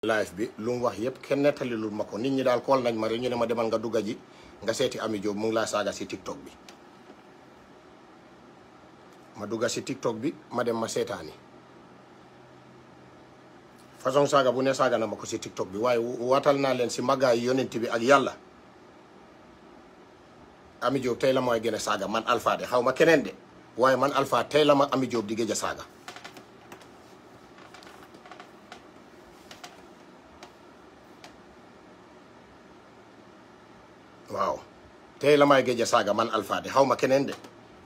live bi lu mu wax yëpp kenn nettali lu ma ko nit ñi daal kool nañ ma rek ñu ma demal nga dugga ji nga seeti Ami Jobe mu ngi laa saaga si TikTok bi ma dugga si TikTok bi ma dem ma seetaani façon saaga bu ne saaga na ma ko si TikTok bi waaye waatal naa leen si màggaayu yonent bi ak yàlla Ami Jobe tey la mooy gën a saaga man alfaade de xaw ma keneen de waaye man Alpha tey la ma Ami Jobe di géej a saaga tey la maay géej a man alfaade de xaw ma keneen de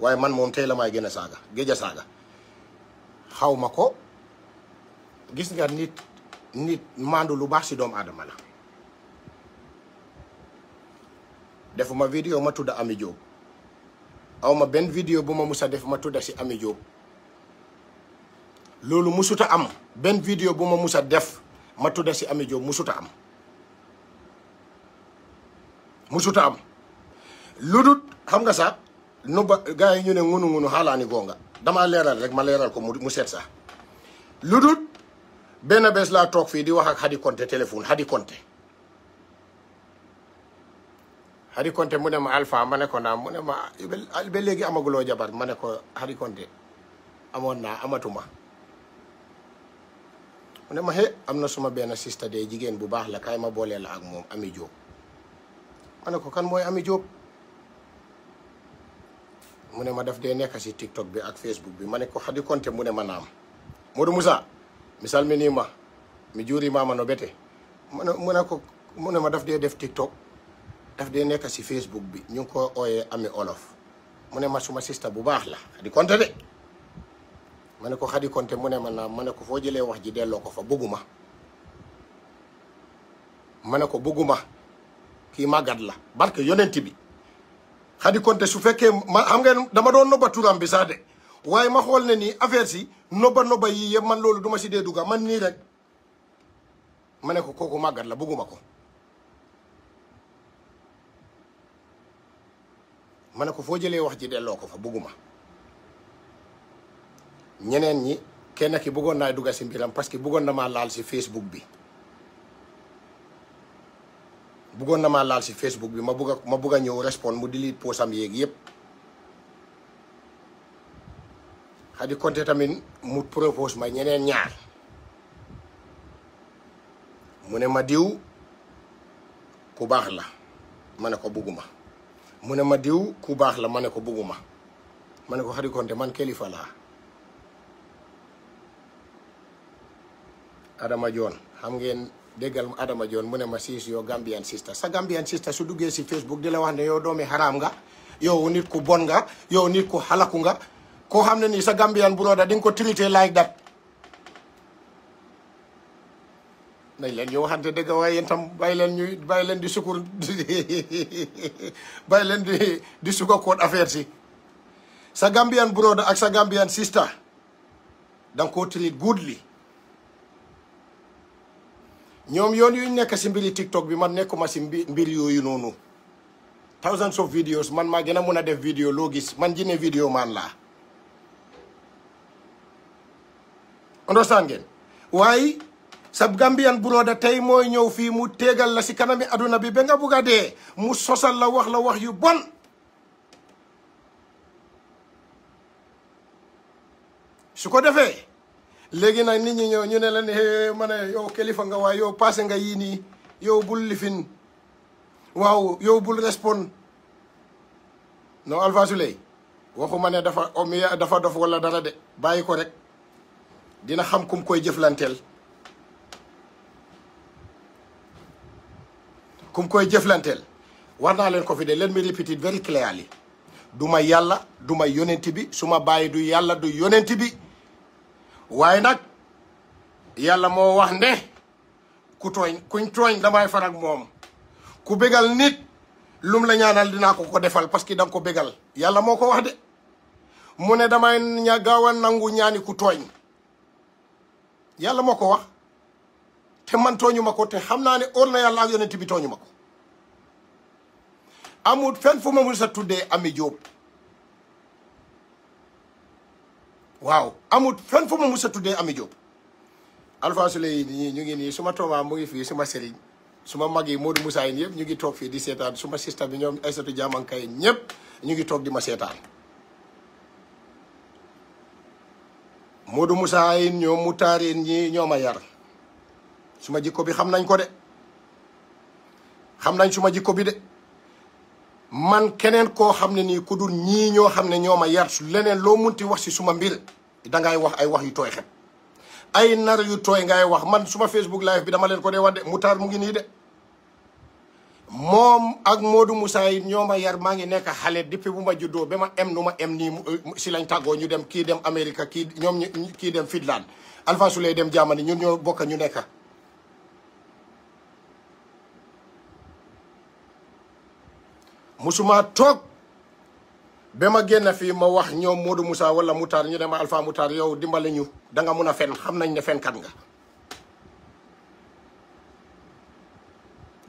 waaye man moom tey la may gën a saaga géej xawma ko gis nga nit nit maandu lu baax si doom aadama la defuma vidéo ma tudda Ami Jobe aw ma benn vidéo bu ma musa def ma tudda si Ami Jobe loolu musuta am benn vidéo bu ma musa def ma si Ami Jobe musuta am musuta am lu dut xam nga sax nu ba gars yi ñu ne ngunu ngunu xaalaani goonga damaa leeral rek ma leeral ko mu set sax lu dut benn bés laa toog fii di wax ak Hadi Konte téléphone Hadi Konte mu ne ma Alpha ma ne ko naa mu ne ma ba léegi amaguloo jabar ma ne ko Hadi Konte amoon naa amatuma mu ne ma he am na suma benn sista de jigéen bu baax la kaay ma booleel la ak moom Ami Diop ma ne ko kan mooy Ami Diop mu ne ma daf dee nekk si TikTok bi ak Facebook bi ma ne ko xadi konte mu ne ma naam Modou Moussa misal mi nii ma mi juuri maama no bete mu ne mu ne ko mu ne ma daf dee def TikTok daf dee nekk si Facebook bi ñu ngi ko ooyee Ami Olof mu ne ma suma sista bu baax la xadi konte de ma ne ko xadi konte mu ne ma naam ma ne ko foo jëlee wax ji delloo ko fa bëgguma ma ne ko bëgguma kii màggat la barke yonent bi Khady Konté su fekkee ma xam ngeen dama doon nobba turam bi sax de waaye ma xool ne nii affaire si nobba nobba yii yëpp man loolu duma si dee dugga man nii rek ma ne ko kooku màggat la bëgguma ko ma ne ko foo jëlee wax ji delloo ko fa bëgguma ñeneen ñi kenn ki bëggoon naa dugga si mbiram parce que bëggoon na maa laal si Facebook bi buggoon na maa laal si Facebook bi ma bëgg ma bëgg a ñëw respond mu delete posam yéeg yëpp Khady Konté tamit mu propose ma ñeneen ñaar mu ne ma diw ku baax la ma ne ko bëgguma mu ne ma diw ku baax la ma ne ko bëgguma ma ne ko Khady Konté man kilifa laa Adama Joon xam ngeen déggal Adama Dione mu ne ma siis yow Gambian sista sa Gambian sista su duggee si Facebook di la wax ne yow doomi xaraam nga yow nit ku bon nga yow nit ku xalaku nga koo xam ne nii sa Gambian broda di nga ko traité like that nañ leen yow waxante dëgg waaye yéen tam bàyyi leen ñuy bàyyi leen di sukkur bàyyi leen di di sukka affaire si sa Gambian broda ak sa Gambian sista da nga koo ñoom yoon yuñ nekk si mbiri TikTok bi man nekkuma si mbir yooyu noonu thousands of videos man maa gën a mun a def vidéo loo gis man jine vidéo man laa understand ngeen waaye sab Gambian broda tey mooy ñëw fii mu tegal la si kanami aduna bi ba nga bugg a dee mu sosal la wax la wax yu bon su ko defee léegi nag nit ñu ñëw ñu ne leen hee ma ne yow kilifa nga waaye yow passé nga yii nii yow bul lifin waaw yow bul respond non Alpha Souley waxuma ne dafa omiya dafa dof wala dara de bàyyi ko rek dina xam kum koy jëflanteel kum koy jëflanteel war naa leen ko fi leen mi repeat it very clearly du ma yàlla du ma yonent bi su bàyyi du yàlla du yonent bi waaye nag yàlla moo wax ne ku tooñ kuñ tooñ damay far ak moom ku bégal nit lum la ñaanal dinaa ko ko defal parce que danga ko bégal yàlla moo ko wax de mu ne damay ña gaaw nangu ñaani ku tooñ yàlla moo ko wax te man tooñu ma ko te xam naa ne óor na yàlla ak yonent bi tooñu ma ko amul fenn fu ma mun sa tuddee ami Jobe waaw amul fenn fu ma mus a tuddee Ami Diop Alpha Souley ñu ngi nii suma tooma mu ngi fii suma sëriñ suma mag yi Modou Moussa yi yëpp ñu ngi toog fii di seetaan suma sista bi ñoom Aysatu Jaamanka yi ñëpp ñu ngi toog di ma seetaan Modou Moussa yi ñoom mu taariin ñi ñoo ma yar suma jikko bi xam nañ ko de xam nañ suma jikko bi de man keneen koo xam ne nii ku dul ñii ñoo xam ne ñoo ma yar su leneen loo mun munti wax si suma mbir dangay wax ay wax yu tooy xet ay nar yu tooy ngay wax man suma Facebook live bi dama leen ko dee wax de Mutar mu ngi nii de moom ak Modou Moussa yi ñoo a yar maa ngi nekka xale depuis bu ma juddoo be ma em nu ma em nii euh, si lañ tàggoo ñu dem kii dem Amérique kii ñoom kii dem Finlande Alpha Souley dem Jamani ñun ñoo bokk ñu nekk musuma toog ba ma génn fii ma wax ñoom Modou Moussa wala Moutar ñu ne ma Alpha Moutar yow dimbale ñu danga mun a fen xam nañ ne fenkat nga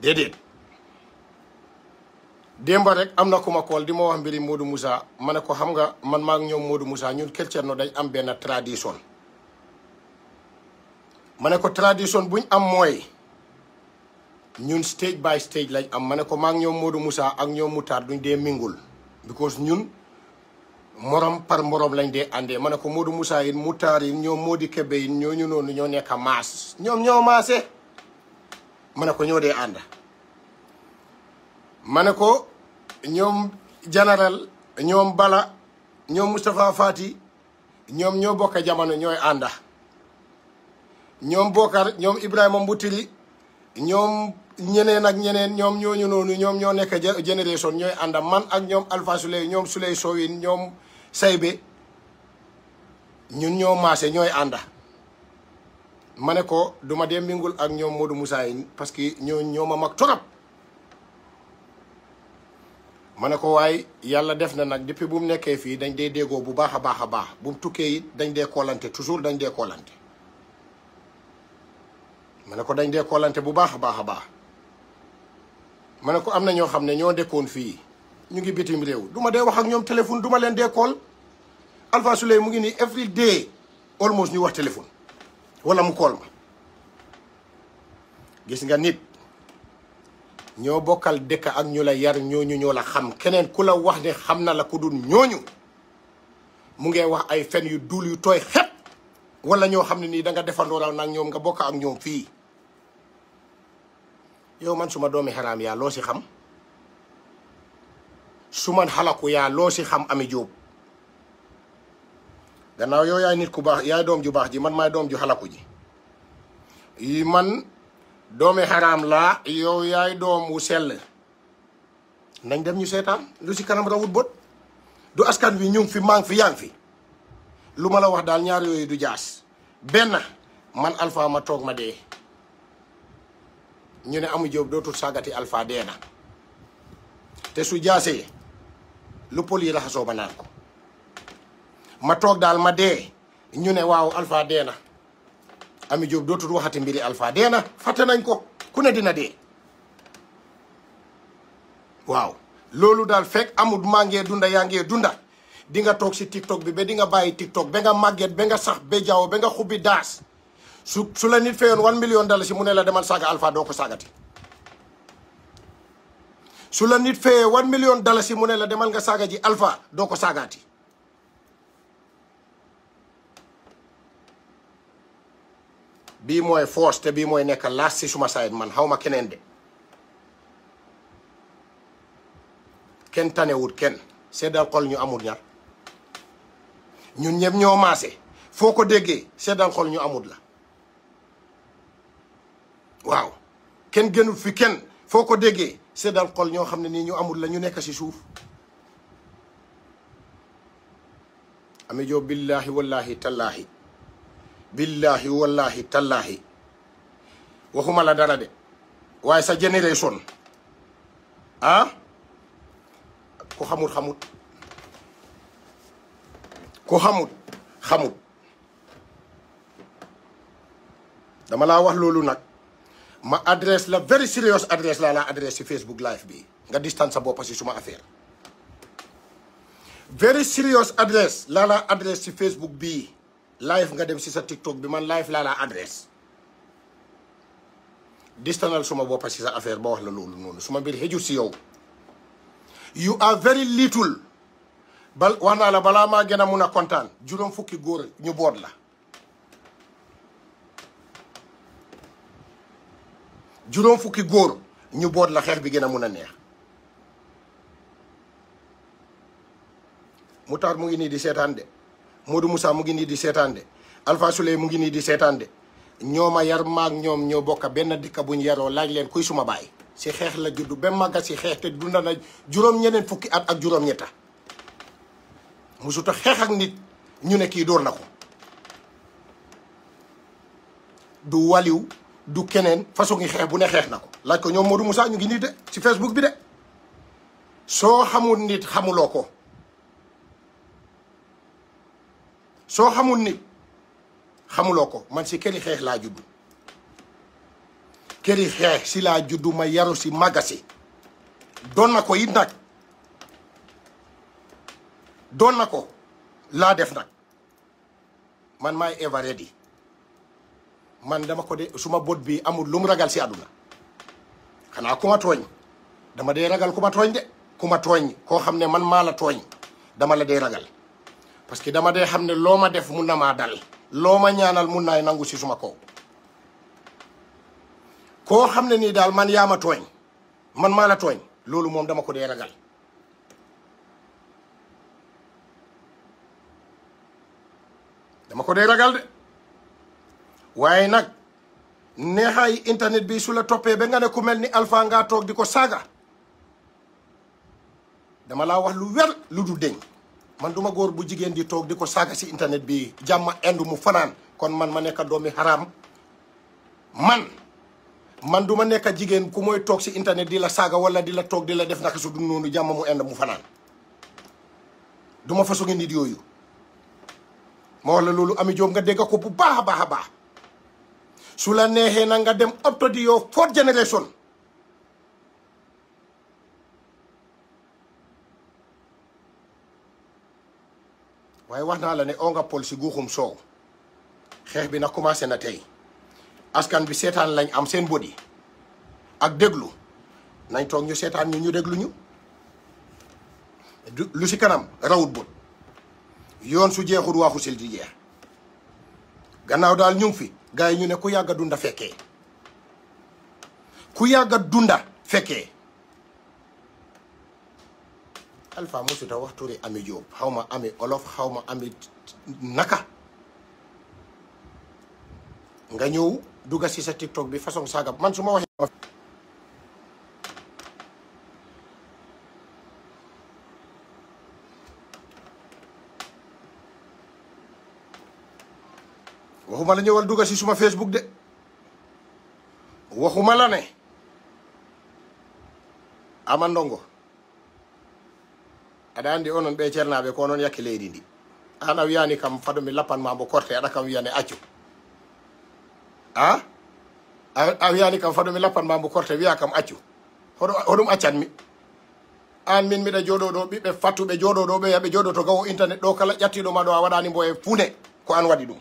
déedéet démba rek am na ku ma kool di ma wax mbiri Modou Moussa ma ne ko xam nga man maak ñoom Modou Moussa ñun Kër no dañ am benn tradition ma ne ko tradition buñ am mooy ñun stage by stage lañ am ma ne ko maak ñoom Modou Moussa ak ñoom Moutar duñ dee mingul because ñun morom par morom lañ dee àndee ma ne ko Modou Moussa yi Moutar yi ñoom Modi Kébé yi ñooñu noonu ñoo nekk a maas ñoom ñoo maase ma ne ko ñoo dee ànd ma ne ko ñoom général ñoom Bala ñoom mustafa Fati ñoom ñoo bokk jamono ñooy ànda ñoom Bokar ñoom Ibrahima Mbutili ñoom ñeneen ak ñeneen ñoom ñooñu noonu ñoom ñoo nekk génération ñooy ànda man ak ñoom Alpha Souley ñoom Souley Sowin ñoom Saybe ñun ñoo maase ñooy ànda ma ne ko duma dee mbingul ak ñoom Modou Moussa yi parce que ñoo ñoo ma mag torop ma ne ko waaye yàlla def na nag depuis bu mu nekkee fii dañ dee déggoo bu baax a baax a baax bu tukkee dañ dee koolante toujours dañ dee ma ne ko dañ dee koolante bu baax a baax a baax ma ne ko am na ñoo xam ne ñoo dekkoon fii ñu ngi bitim réew duma ma dee wax ak ñoom téléphone du ma leen dee call Alpha Souley mu ngi nii every day almost ñu wax téléphone walla mu call ma gis nga nit ñoo bokkal dëkk ak ñu la yar ñu ñoo la xam keneen ku la wax ne xam na la ku dul ñooñu mu ngay wax ay fen yu dul yu tooy xet wala ñoo xam ne nii da nga defandoo nag ñoom nga bokk ak ñoom fii yow man suma doomi xaraam yaa loo si xam su man xalaku yaa loo xam ami jóob gannaaw yow yaay nit ku baax yaay doom ju baax ji man maay doom ju xalaku ji yi man doomi xaraam laa yow yaay doom wu sell nañ dem ñu seetaan lu si kanam rawut bët du askan wi ñu fi maa ngi fi yaa fi lu ma la wax daal ñaar yooyu du jaas benn man alpha ma toog ma dee ñu ne amu Diop dootul saagati Alpha dee na te su jaasee lu pël yi laxasoo ba naan ko ma toog daal ma dee ñu ne waaw Alpha dee na Amou Diop dootul waxati mbiri Alpha dee na fàtte nañ ko ku ne dina dee waaw loolu daal fekk amul maa ngee dunda yaa ngee dunda di nga toog si tiktok bi ba di nga bàyyi tiktok ba nga màgget ba nga sax ba jaww ba nga xubbi daas su su la nit fayoon one million si mu ne la demal saaga alpha doo ko saagati su la nit fayee one million si mu ne la demal nga saaga ji alpha doo ko saagaati bii mooy force te bii mooy nekka laas si suma sayit man xaw ma keneen de kenn tanewut kenn seddal xol ñu amul ñaar ñun ñëpp ñoo maase foo ko déggee seddal xol ñu amul la waaw kenn gënul fi kenn foo ko déggee seddal xol ñoo xam ne nii ñu amul la ñu nekk ci suuf ami joo billaahi wallaahi tallaahi billaahi wallaahi tallaahi waxuma la dara de waaye sa génération ah ku xamut xamut ku xamut xamut dama la wax loolu nag ma adresse la very serious adresse laa la adresse ci Facebook live bi nga distance sa boppa ci suma affaire very serious adresse laa la adresse ci Facebook bi live nga dem si sa TikTok bi man live laa la adresse distanal suma boppa si sa affaire ba wax la loolu noonu suma mbir xëjul si yow you are very little bal wax naa la balaa ma gën a mun a kontaan juróom fukki góor ñu boot la juróom fukki góor ñu boot la xeex bi gën a mun a neex Moutar mu ngi nii di seetaan de Modou Moussa mu ngi nii di seetaan de Alpha mu ngi nii di seetaan de ñooma yar maag ñoom ñoo bokk benn dikka buñ yaroo laaj leen kuy suma baay si xeex la juddu ba màgga si xeex te dunda na juróom ñeneen fukki at ak juróom ñetta musuta xeex ak nit ñu ne kii dóor na ko du waliw du keneen façon ngi xeex bu ne xeex na ko laaj ko ñoom Modou Moussa ñu ngi nii de ci Facebook bi de soo xamul nit xamuloo ko soo xamul nit xamuloo ko man si këri xeex laa juddu këri xeex si laa juddu ma yaru si magasi doon na ko it nag doon na ko laa def nag man maay eveready man dama ko de suma bot bi amul lu mu ragal si àdduna xanaa ku tooñ dama dee ragal ku ma tooñ de ku tooñ koo xam ne man maa la tooñ dama la dee ragal parce que dama dee xam ne loo ma def mun na maa dal loo ma ñaanal mun naay nangu si suma kow koo xam ne ni daal man yaa ma tooñ man maa la tooñ loolu moom dama ko dee ragal dama ko dee ragal de waaye nag neexaay internet bi su la toppee ba nga ne ku mel ni alfaa ngaa toog di ko saaga dama laa wax lu wer lu du deñ man duma góor bu jigéen di toog di ko saaga si internet bi jàmm indu mu fanaan kon man ma nekk doomi xaraam man man duma nekk jigéen ku mooy toog si internet di la saaga wala di la toog di la def naka su du noonu jàmm mu ind mu fanaan duma façongi nit yooyu ma wax la loolu ami joom nga dégg ko bu baax a baax a baax su la neexee na nga dem opto di yow fourth generation waaye wax naa la ne onga pol si guuxum soow xeex bi na commencé na tey askan bi seetaan lañ am seen bodi ak déglu nañ toog ñu seetaan ñu ñu déglu ñu lu si kanam rawut bët yoon su jeexul waxu sil di jeex gannaaw daal ñu fi gars yi ñu ne ku yàgg a dunda fekkee ku yàgg dunda fekkee alpha musuta wax turi ami Jóob xaw ma ami olof xaw ma ami naka nga ñëw dugga si sa tiktok bi façon saaga man su ma waxee waxuma la ñëwal dugga suma Facebook de waxuma la ne ama ndongo aɗa anndi onon ɓe ceernaaɓe ko noon yakke leydi ndi an a wiyani kam fadomi lappanma mbo korte aɗa korte wiya kam accu hoɗum accanmi an min mbiɗa jooɗo ɓiɓɓe fattuɓe jooɗo ɗo ɓe yaɓe jooɗo to gawo internet ɗo kala ƴattiɗoma ɗo a waɗani mbo e puune ko an waɗi ɗum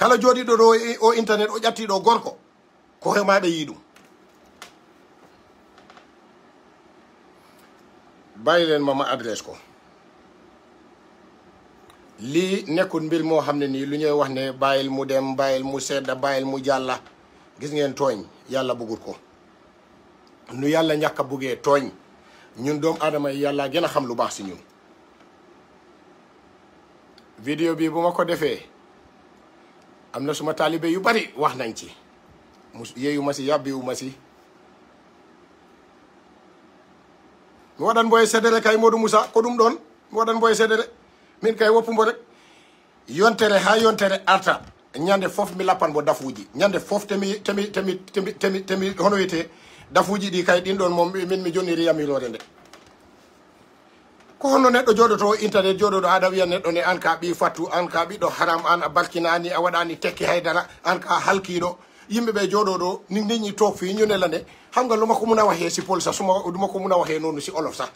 kala jooɗiɗo ɗo e, o internet o ƴattiɗo gorko ko hemaɓe yii ɗum bayilen mama adresse ko li nekkul mbir moo xam ne nii lu ñuy wax ne bàyyil mu dem bàyyil mu sedda bàyyil mu jàlla gis ngeen tooñ yàlla bëggul ko nu yàlla ñàkk a tooñ ñun doomu aadama yi yàlla gën a xam lu baax si ñun bi bu ma ko defee am na suma taalibe yu bari wax nañ ci mu yeeyu ma si yàbbiwu ma si mi waɗan boye seedere kay modou moussa ko ɗum ɗon mi waɗan boye seedere min kay woppumbo rek yontere ha yontere arta ñande fof mi lappan bo dafuji ñande fof temi temi temi temi temi hono wiyete dafuji ɗi kay ɗin ɗon moom min mi jonniri yamilore nde ko honno neɗɗo joɗoto internet joɗoɗo haɗa wiya neɗɗo ne an ka ɓi fattu an ka ɓiɗo haram an a balkinani a waɗani tekki dara an ka halkiɗo yimɓe ɓe jooɗo ɗo ni ndeñi took fi ñunela nde xam nga luma ko muna waxe si pol sa suma luma ko muna waxe noonu si olof sax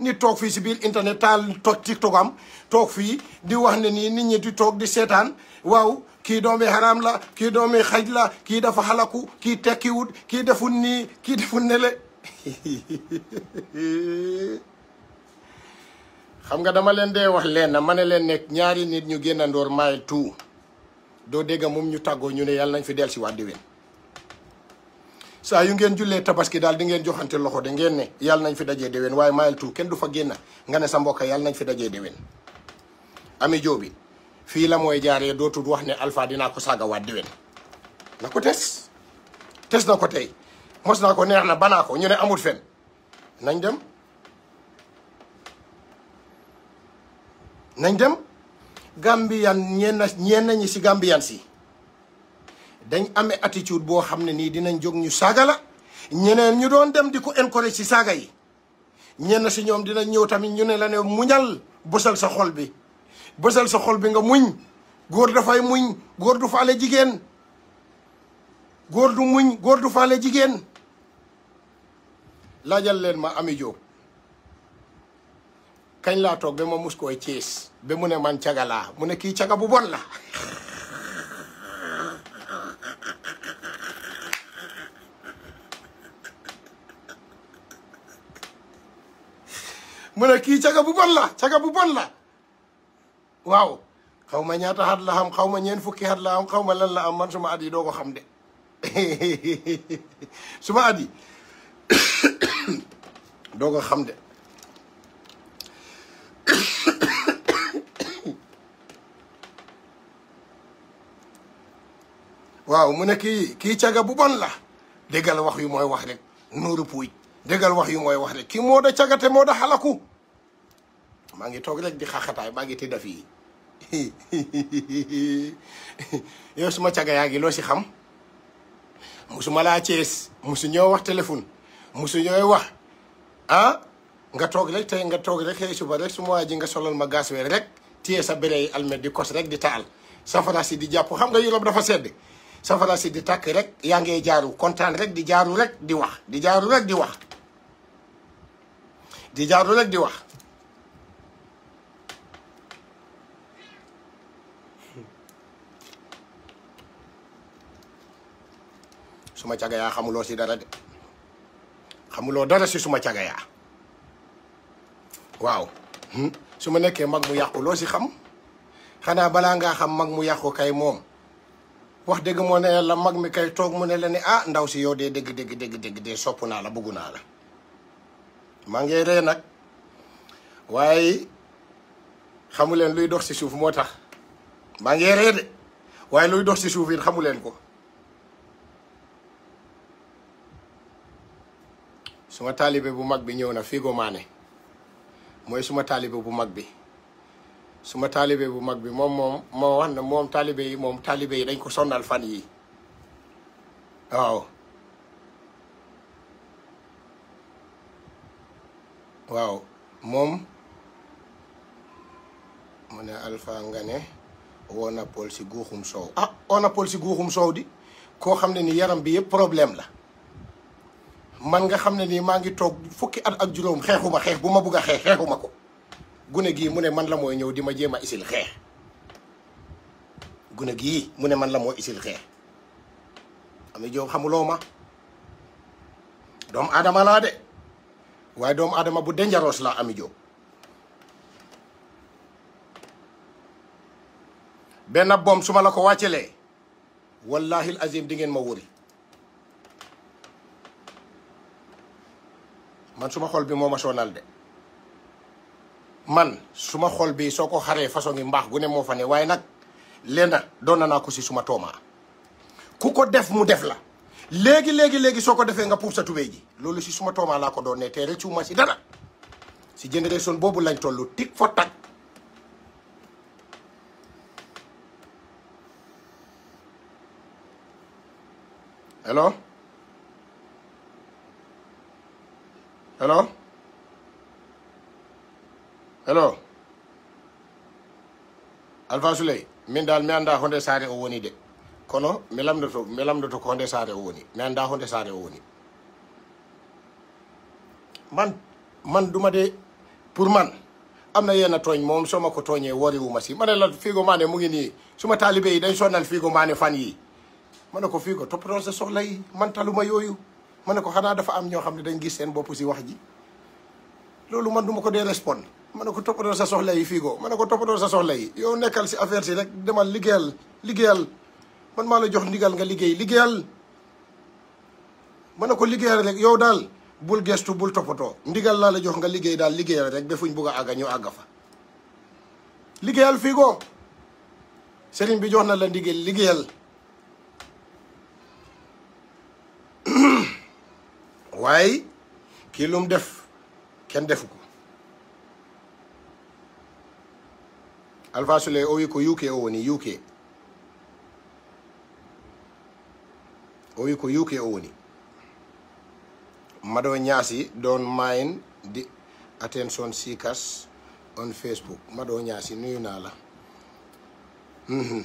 ni toog fii si biir internet taal toog tiktok am toog fii di wax ne nii nit ñi di toog di seetaan waaw kii doomi haram la kii doomi xaj la kii dafa xalaku kii tekkiwut kii deful nii kii deful nele xam nga dama leen dee wax leen na ma ne leen nekk ñaari nit ñu génnandoor mile two doo dégg moom ñu tàggoo ñu ne yàlla nañ fi del si waat déwén saa yu ngeen jullee tabaski daal di ngeen joxante loxo de ngeen ne yàlla nañ fi dajee déwén waaye mile two kenn du fa génn nga ne sa mbokk yàlla nañ fi dajee déwén ami joobi fii la mooy jaaree dootul wax ne alpha dinaa ko saaga waat déwén na ko tes tes na ko tey mos naa ko neex na banaa ko ñu ne amul fen nañ dem nañ dem Gambien ñenn ñenn ñi si Gambien si dañ amee attitude boo xam ne nii dinañ jóg ñu saaga la ñeneen ñu doon dem di ko encourage si saaga yi ñenn si ñoom dina ñëw tamit ñu ne la ne muñal bësal sa xol bi bësal sa xol bi nga muñ góor dafay muñ góor du faale jigéen góor du muñ góor du faale jigéen laajal leen ma Ami Jobe kañ laa toog ba ma mus koy ciis ba mu ne man caga laa mu ne kii caga bu bon la mu ne kii caga bu bon la caga bu bon la waaw xaw ma ñaata at la am xaw ma ñeent fukki at la am xaw ma lan la am man suma at yi doo ko xam de suma at yi doo ko xam de waaw mu ne kii kii caga bu bon la déggal wax yu mooy wax rek nuuru puuj déggal wax yu mooy wax rek kii moo da cagate moo da xalaku maa ngi toog rek di xaxataay maa ngi tëdda fii yow suma caga yaa ngi loo si xam musuma laa cees musu ñoo wax téléphone musu ñooy wax ah nga toog rek tey nga toog rek xëy suba rek suma waa ji nga solal ma gaas weer rek téye sa bérey almet di kos rek di taal safara si di jàpp xam nga Europe dafa sedd safara si di tàkk rek yaa ngee jaaru kontaan rek di jaaru rek di wax di jaaru rek di wax di jaaru rek di wax suma caga yaa xamuloo si dara de xamuloo dara si suma caga waaw hmm? su ma nekkee mag mu yàqu loo si xam xanaa balaa ngaa xam mag mu yàqu kay moom wax dëgg moo ne la mag mi kay toog mu ne la ni ah ndaw si yow dee dëgg dëgg dëgg dëgg dee sopp naa la bëggu naa la maa ngi ree nag waaye xamu leen luy dox si suuf moo tax maa ngi ree de waaye luy dox si suuf it xamu leen ko suma taalibe bu mag bi ñëw na Figo Mané mooy suma taalibe bu mag bi suma taalibe bu mag bi moom moom moo wax ne moom taalibe yi moom taalibe yi dañ ko sonnal fan yi waaw moom mu ne Alpha nga ne Onapol si guuxum soow ah Onapol si guuxum soow di koo xam ne ni yaram bi yëpp problème la man nga xam ne nii maa ngi toog fukki at ak juróom xeexuma xeex bu ma bugg a xeex xeexuma ko gune gii mu ne man la mooy ñëw di ma jéem a isil xeex gune gii mu ne man la mooy isil xeex am na joom xamuloo ma doomu aadama laa de waaye doomu aadama bu dangereux laa ami jóob benn boom su ma la ko wàccelee wallahi azim di ngeen ma wuri man suma xol bi moo ma sonal de man suma xol bi soo ko xaree façon yi mbaax gu ne moo fa ne waaye nag lenn doon na naa ko si suma toomaa ku ko def mu def la léegi léegi léegi soo ko defee nga puub sa tubéy loolu si suma toomaa laa ko doon ne te rëccuwuma si dara si génération boobu lañ toll tik foo tak hello hello hello alpha souley min dal mi anda honde saare o woni de kono mi lamdoto mi lamdoto ko honde saare o woni mi anda honde saare o woni man man duma de pour man am na yenn tooñ moom soo ma ko tooñee wari wu si ma ne la Figo Mané mu ngi nii suma taalibe yi dañ sonnal Figo Mané fan yii ma ne ko Figo toppatoo sa soxla yi man taluma yooyu ma ne ko xanaa dafa am ñoo xam ne dañ gis seen bopp si wax ji loolu man duma ko dee respond ma ne ko toppatoo sa soxla yi fii ko ma ne ko toppatoo sa soxla yow nekkal si affaire si rek demal liggéeyal liggéeyal man maa la jox ndigal nga liggéey liggéeyal ma ne ko liggéeyal rek yow daal bul gestu bul toppatoo ndigal laa la jox nga liggéey daal liggéeyal rek ba fuñ bugg a àgga ñu àgga fa liggéeyal fii ko sëriñ bi jox na la ndigal liggéeyal waaye kii lum def kenn defu ko alfasule o wi ko uk o woni uk o wi ko uk o woni maɗo ñaasi don mayen di attention seekers on facebook maɗo ñaasi nuyunala mm-hmm.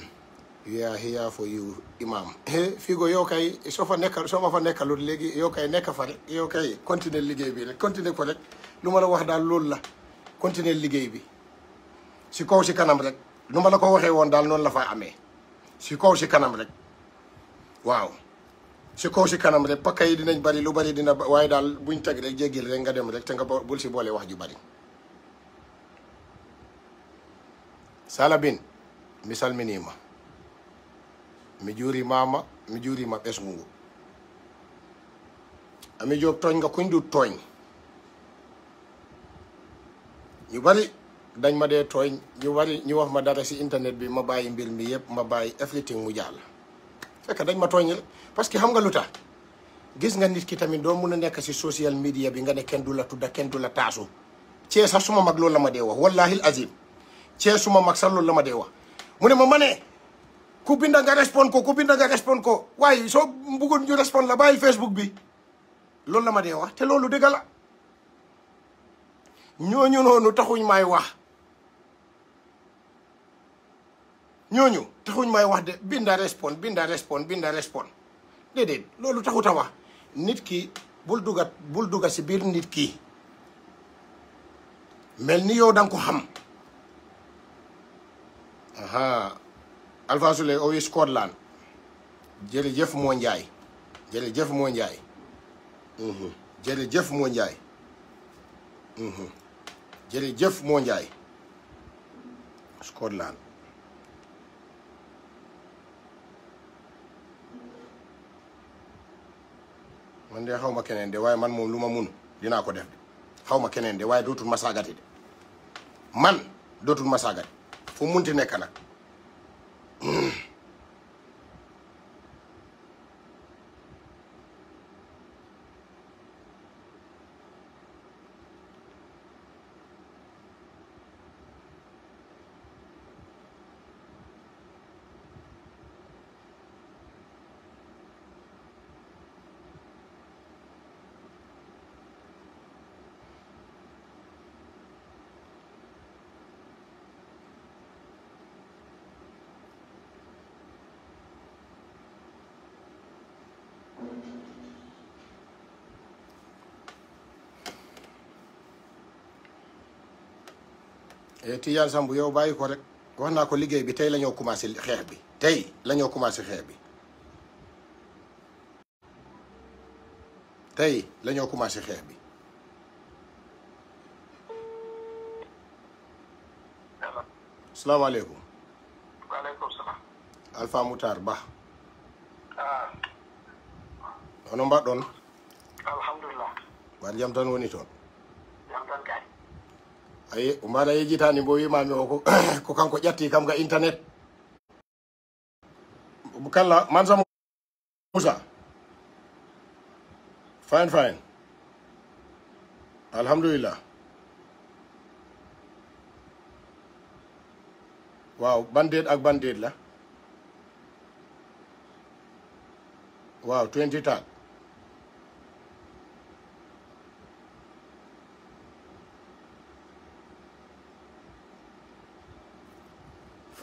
we are here for you imam he figo yo kay sofa nekka soma fa nekkalut léegi yo kay nekka fa rek yo continue liggéey bi rek continue ko rek lu ma la wax daal loolu la continue liggéey bi si kaw si kanam rek nu ma la ko waxee woon daal noonu la fa amee si kaw si kanam rek waaw si kaw si kanam rek pakka yi dinañ bari lu bari dina waaye daal buñ teg rek jéggil rek nga dem rek te nga bul si boole wax ju bari salabin mi salminima mi juuri mama mi juurima ɓesgungu ami joob tooñ nga kuñ du tooñ ñu bari dañ ma dee tooñ ñu wari ñu wax ma dara si internet bi ma bàyyi mbir mi yëpp ma bàyyi everything mu jàll fekk dañ ma tooñ parce que xam nga lu tax gis nga nit ki tamit doo mun a nekk si social media bi nga ne kenn du la tudda kenn du la taasu cee sax suma mag lool la ma dee wax wallahi azim cee suma mag sax loolu la ma dee wax mu ne ma ma ne ku binda nga respond ko ku binda nga respond ko waaye soo bëggoon ñu respond la bàyyi Facebook bi loolu la ma dee wax te loolu dëgg la taxuñ maay wax ñooñu taxuñ may wax de binda respond binda respond binda respond déedéet loolu taxut a wax nit ki bul dugat bul dugat si biir nit ki mel ni yow danga ko xam aha Alpha Souley owi Scotland jërëjëf moo njaay jërëjëf moo njaay mhm. jërëjëf moo njaay mhm. jërëjëf moo njaay Scotland man de xaw ma keneen de waaye man moom lu ma mun dinaa ko def de xaw ma keneen de waaye dootul ma saagati de man dootul ma saagati mun munti nekk nag Eh, Tidiane Samb yow bàyyi rek wax naa ko liggéey bi tey la ñoo commencé xeex bi tey la ñoo commencé xeex bi tey la ñoo commencé xeex bi. salaamaaleykum. waaleykum salaam. Alpha Moutar Ba. ah. hono alhamdulillah. mbaɗa jam tan woni toon. aye o mbaɗa yejitani bo wimami o ko kanko ƴatti kam ga internet kalla mansa moussa fine fine alhamdulillah waaw ban date ak ban date la waaw 23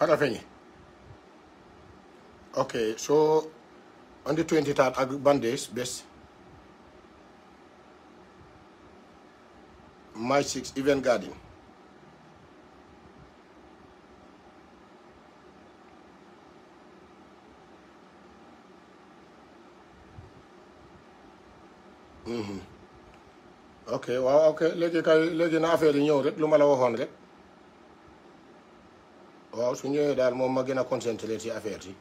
fata feñi okay so on the 23rd ak ban bés March 6 Event Garden mm-hmm. ok waaw ok léegi kay léegi na affaire ñëw rek lu ma la waxoon rek waaw su ñëwee daal moom ma gën a concentré si affaire yi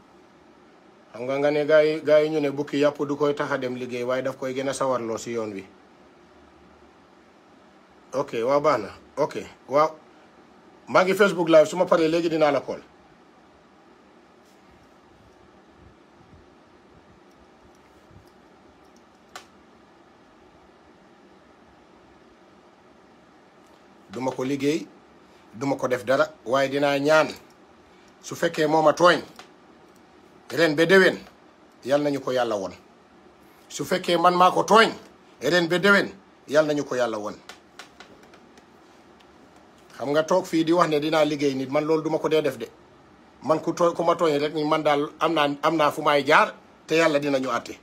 xam nga nga ne gaa yi gars yi ñu ne bukki yàpp du koy tax a dem liggéey waaye daf koy gën a sawarloo si yoon wi ok waaw baax na ok waaw maa ngi Facebook live su ma paree léegi dinaa la kool duma ko liggéey duma ko def dara waaye dinaa ñaan su fekkee moom a tooñ ren ba déwén yal nañu ko yàlla woon su fekkee man maa ko tooñ ren ba déwén yal nañu ko yàlla woon xam nga toog fii di wax ne dinaa liggéey nit man loolu duma ko dee def de man ku tooñ ku ma tooñ rek ni man daal am naa am naa fu may jaar te yàlla dinañu àtte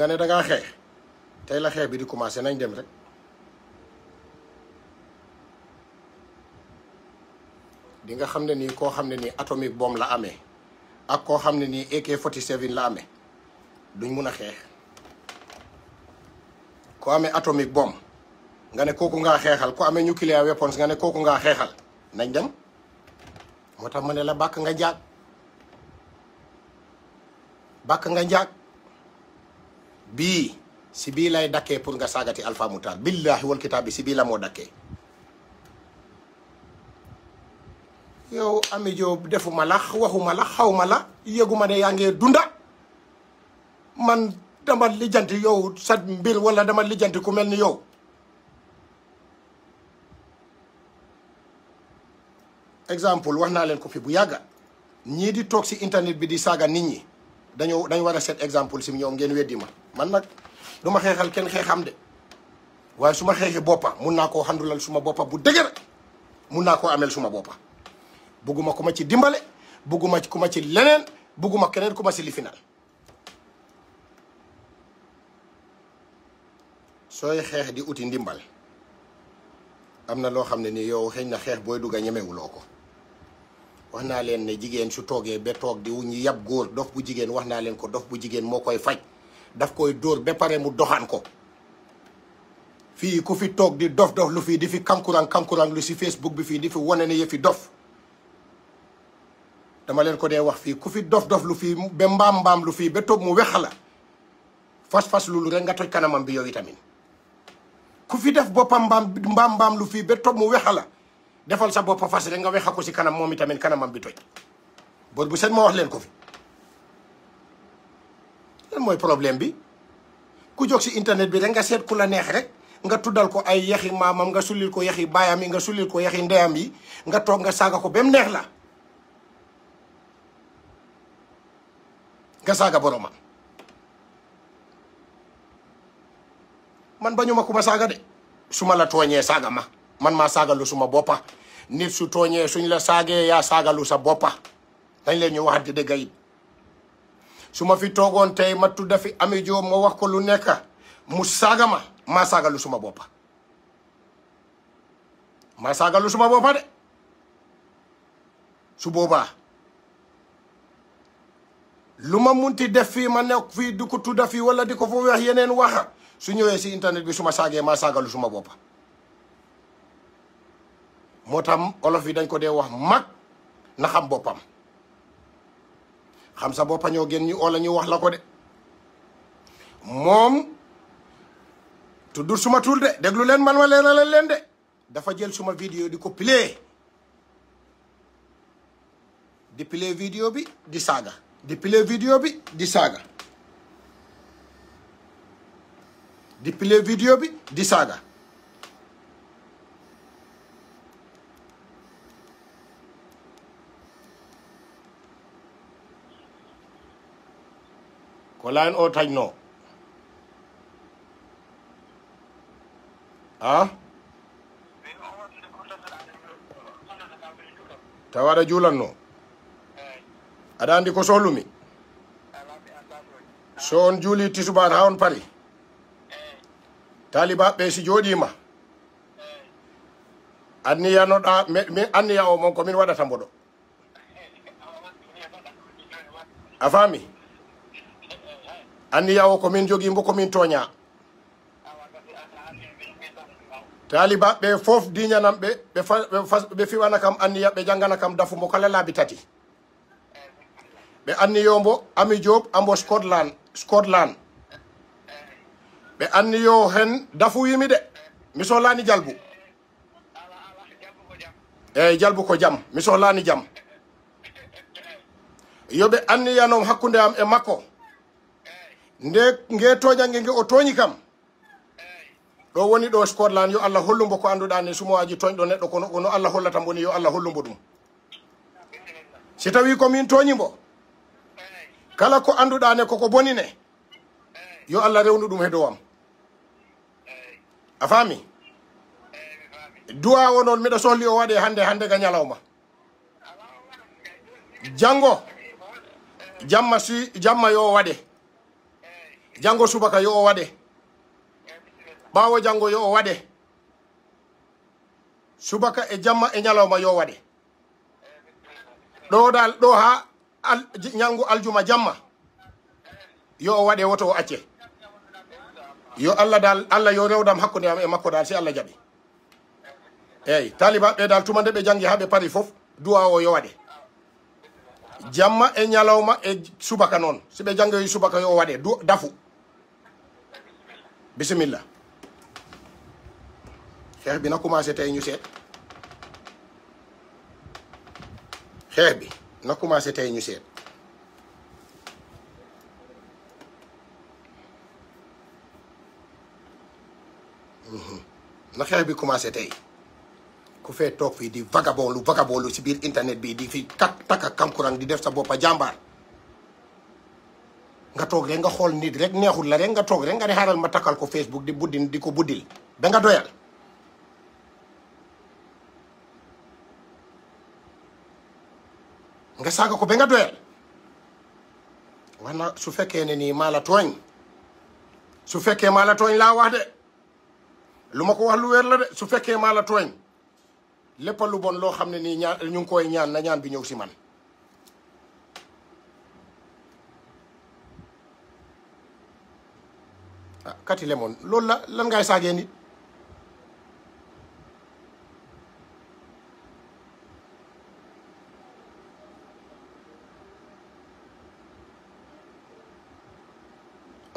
nga ne dangaa xeex tey la xeex bi di commencé nañ dem rek di nga xam ne nii koo xam ne ni atomique bomb la ame ak koo xam ne nii foti 47 la amee duñ mun a xeex ku amee atomique bom nga ne kooku ngaa xeexal ko ame nuclear weapons nga ne kooku ngaa xeexal nañ dem moo tax ma ne la bàkk nga jaag bàkk nga jaag bii si bii lay dakkee pour nga saagati alpha mutal billahi wal kitaab bi si bii la moo dakkee yow Ami Joob defuma waxu waxuma la xawma la ma ne yaa ngee dunda man dama lijjanti yow sa mbir wala dama lijjanti ku mel ni yow exemple wax naa leen ko fi bu yàgga ñii di toog si internet bi di saaga nit ñi dañoo dañ war a set exemple si ñoom ngeen weddi ma man nag du ma xeexal kenn xeexam de waaye su ma xeexee boppa mun naa koo xandulal suma boppa bu dëgër mun naa koo ameel suma boppa bugguma ku ma ci dimbale bugguma ku ma ci leneen bugguma keneen ku ma si lifinal sooy xeex di uti ndimbal am na loo xam ne ni yow xëy na xeex booy dugg a ñemewuloo ko wax naa leen ne jigéen su toogee ba toog di wuñu yab góor dof bu jigéen wax naa leen ko dof bu jigéen moo koy faj daf koy dóor ba pare mu doxaan ko fii ku fi toog di dof dof lu fii di fi kankurang kankurang lu si Facebook bi fii di fi wane ne yëfi dof dama leen ko dee wax fii ku fi dof dof lu fii ba mbaam mbaam lu fii ba toog mu wex la fas fas loolu rek nga toj kanamam bi yow itamit ku fi def boppam mbaam mbaam mbaam lu fii ba toog mu wex la defal sa bopp fas rek nga wex ko si kanam moom itamit kanamam bi toj bor bu set ma wax leen ko fi lan mooy problème bi ku jog si internet bi rek nga seet ku la neex rek nga tuddal ko ay yaxi maamam nga sulil ko yaxi baayam yi nga sulil ko yaxi ndeyam yi nga toog nga saaga ko ba mu neex la nga saaga boromam man bañuma ku ma saaga de su ma la tooñee saaga ma man maa saaga lu suma boppa nit su tooñee suñ la saagee yaa saagalu sa boppa dañ leen ñu waxante dëgg yi su ma fi toogoon tey ma tudda fi Amie Jobe ma wax ko lu nekk mu saaga ma maa saagalu suma boppa maa saagalu suma boppa de su boobaa lu ma munti def fii ma nekk fii du ko tudda fii wala di ko fa wax yeneen waxa su ñëwee si internet bi su ma saagee maa saagalu suma boppa moo tam olof yi dañ ko dee wax mag na xam boppam xam sa boppa ñoo gën ñu oo la wax la ko de moom tuddul suma tur de déglu leen man ma leena leen leen de dafa jël suma vidéo di ko play di play vidéo bi di saaga di play vidéo bi di saaga di play vidéo bi di saaga ko layin o tañno ah? a tawa aɗa juulanno aɗa andi ko sohlumi so on juuli tisuban ha on paari talibaɓe si jooɗima anniyanoɗa mi anniya o mon komin waɗata mboɗo a faami anniya o komin jogii mbo komin tooñaa taalibaɓe fof diñanan ɓe ɓe kam anniya ɓe janngana kam dafu mo kala laabi tati ɓe anniyo mbo ami job scotland ɓe anniyo hen dafu yimi de jalbu jalbu ko jam mi sohlani jam yoɓe anniyanom hakkude am e makko nde nge toñangue nge o tooñi kam ɗo woni ɗo scotland yo allah hollumbo ko annduɗa ni sumowaji toñɗo neɗɗo kono kono allah hollata mboni yo allah hollumbo ɗum si tawi komin toñimbo kala ko annduɗa ne koko boni ne yo allah rewnu ɗum he dow am a faami duwa o noon sohli o waɗe hannde hannde ga ñalawma janngo jamma si jamma waɗe janngo subaka yo o waɗe ɓaawo janngo yo o waɗe subaka e jamma e ñalawma yo waɗe ɗo dal ɗo ha ñalngu aljuma jamma yo o waɗe woto o acce yo allah dal allah yo rewdam hakkude am e makko dal si allah jaɓi eyyi talibaɓe dal tumande ɓe janggi ha ɓe paari foof duwa o yo waɗe jamma e ñalawma e subaka noon si ɓe janngoyi subaka yo o waɗe dafu bisimilah xeex bi na commencé tey ñu seet xeex bi na commencé tey ñu seet mhm. na xeex bi commencé tey ku fee toog fii di vagabond lu vagabond lu si biir internet bii di fi kat takka kankurang di def sa boppa jàmbaar nga toog rek nga xool nit rek neexul la rek nga toog rek nga ne xaaral ma takkal ko Facebook di buddi di ko buddil ba nga doyal nga saaga ko ba nga wax na su fekkee ne nii maala tooñ su fekkee maa la tooñ laa wax de lu ma ko wax lu wér la de su fekkee maa la tooñ lépp lu bon loo xam ne nii ñaan ñu ngi koy ñaan na ñaan bi ñëw si man kati lemoon loolu la lan ngay saagee nit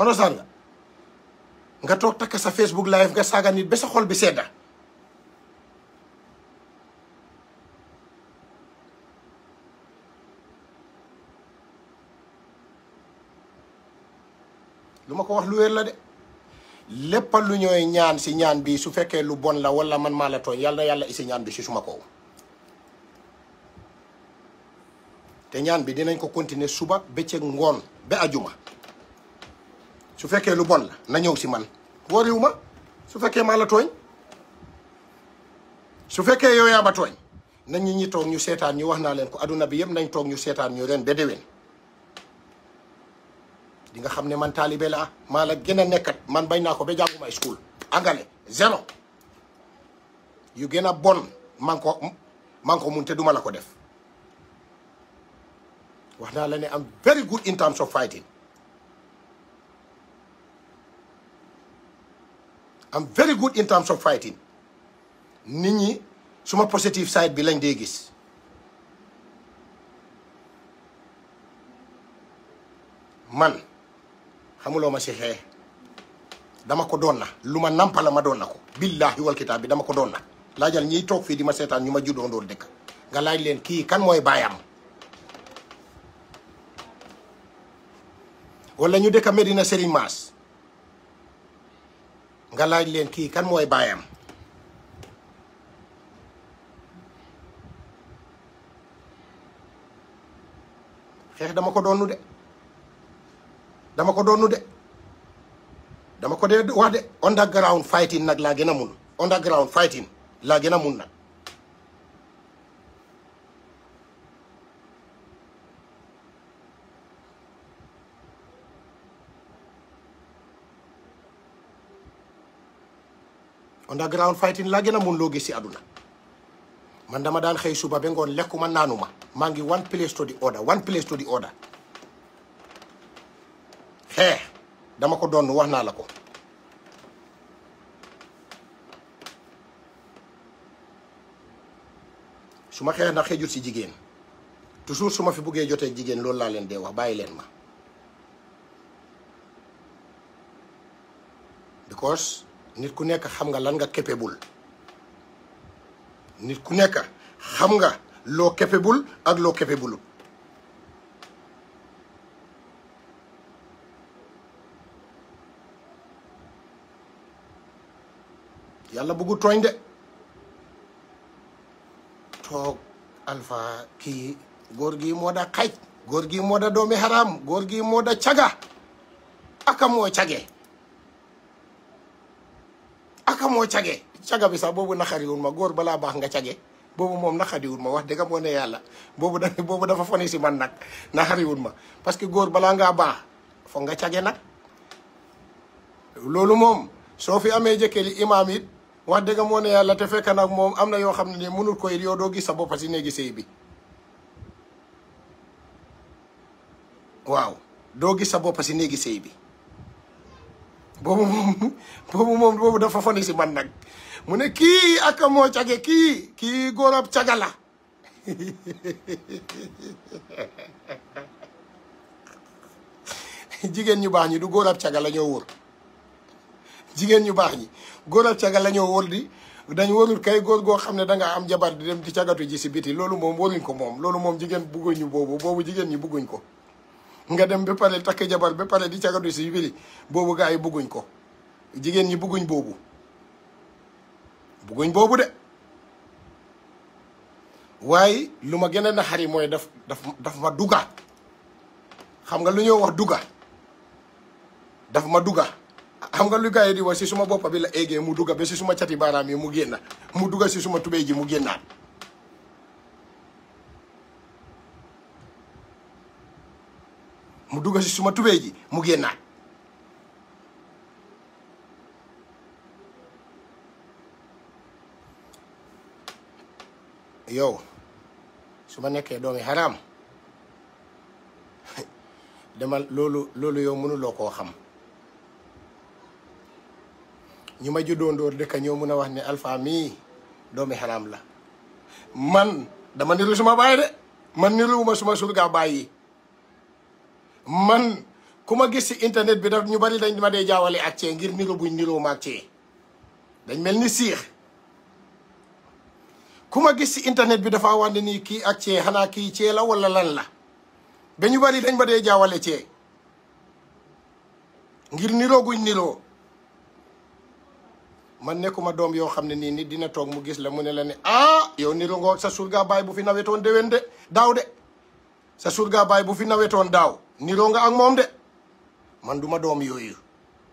understand nga nga toog takk Facebook live nga saaga nit sa xol bi sedda lu ma ko wax lu wér la lépp lu ñooy ñaan si ñaan bi su fekkee lu bon la wala man maa la tooñ yàlla na yàlla isi ñaan bi si suma kaw te ñaan bi dinañ ko continuer suba be bëccëg ngoon ba ajuma su fekkee lu bon la na ñëw si man wóoriwu ma su fekkee maa la tooñ su fekkee yow yaa ma tooñ na ñu ñi toog ñu seetaan ñu wax naa leen ko aduna bi yëpp nañ toog ñu seetaan ñu reen ba déwén di nga xam ne man taalibe laa maa la gën a nekkat man bañ naa ko ba jànguma school angale zéro yu gën a bon man ko man mun te duma la ko def wax naa la ne am very good in terms of fighting am very good in terms of fighting nit ñi suma positive side bi lañ dee gis man xamuloo ma si xee eh? dama ko doon na lu ma nampala ma doon na ko billaahi wal bi dama ko doon na laajal ñiy toog fii di ma seetaan ñu ma juddoo ndoor dëkk nga laaj leen kii kan mooy baayam wala ñu dëkk Medina Serigne Maas nga laaj leen kii kan mooy baayam xeex dama ko doonu de dama ko doonu de dama ko dee wax de underground fighting nag laa gën a mun underground fighting laa gën a mun nag underground fighting laa gën a mun loo gis ci àdduna man dama daan xëy suba ba ngoon lekkuma naanuma maa ngi one place to the order one place to the order xeex eh, dama ko donn wax naa la ko su ma xeex na xeejut si jigéen toujours su ma fi buggee jotee jigéen loolu laa leen dee wax bàyyi leen ma because nit ku nekk xam nga lan nga capable nit ku nekk xam nga loo capable ak loo capable yàlla bëggu tooñ de toog alpha kii góor gi moo da xaj góor gi moo da doomi haram góor gi moo da caga aka moo cage aka moo cage caga bi sax boobu naxariwul ma góor balaa baax nga cage boobu moom naxariwul ma wax dëgg moo ne yàlla boobu da boobu dafa fone si man nag naxariwul ma parce que góor balaa ngaa baax foog nga cage nag loolu moom soo fi amee jëkkëri imaam wax dëgg moo ne yàlla te fekk nag moom am na yoo xam ne mënul koy yow doo gis sa boppa si néegi sëy bi waaw doo gis sa boppa si néegi sëy bi boobu moom boobu dafa foni si man nag mu ne kii ak moo cage kii kii góor ab caga jigéen ñu baax ñi du góor ab caga la ñoo wóor jigéen ñu baax ñi góoral caga la ñoo wóor di dañ warul kay góor goo xam ne dangaa am jabar di dem di cagatu ji si biti loolu moom waruñ ko moom loolu moom jigéen bugguñu boobu boobu jigéen ñi bugguñ ko nga dem ba pare takk jabar ba pare di cagatu si biti boobu gaa yi bugguñ ko jigéen ñi bugguñ boobu bugguñ boobu de waaye lu ma gën a yi mooy daf daf daf ma dugga xam nga lu ñoo wax dugga daf ma dugga xam nga lu gars yi di wax si suma boppa bi la eggee mu dugga ba si suma cati baaraam yi mu génna mu dugga si suma tubéy mu génnaat mu dugga si suma tubéy mu génnaat yow su ma nekkee doomi xaraam dama loolu loolu yow mënuloo koo xam ñu ma juddoondoor dëkk ñoo mun a wax ne alpha mii doomi xaraam la man dama niru suma baay de man niruwuma suma surga baay man ku ma gis si internet bi daf ñu bari dañ ma dee jaawale ak ngir niru buñ niruwuma dañ mel ni siix ku ma gis si internet bi dafa wànde nii kii ak cee xanaa kii cee la wala lan la ba ñu bari dañ ma dee jaawale cee ngir niroo guñ niroo man nekkuma doom yoo xam ne nii nit dina toog mu gis la mu ne la ne ah yow niru nga sa surga baay bu fi nawetoon déwén de daaw de sa surga baay bu fi nawetoon daaw niroo nga ak moom de man duma doom yooyu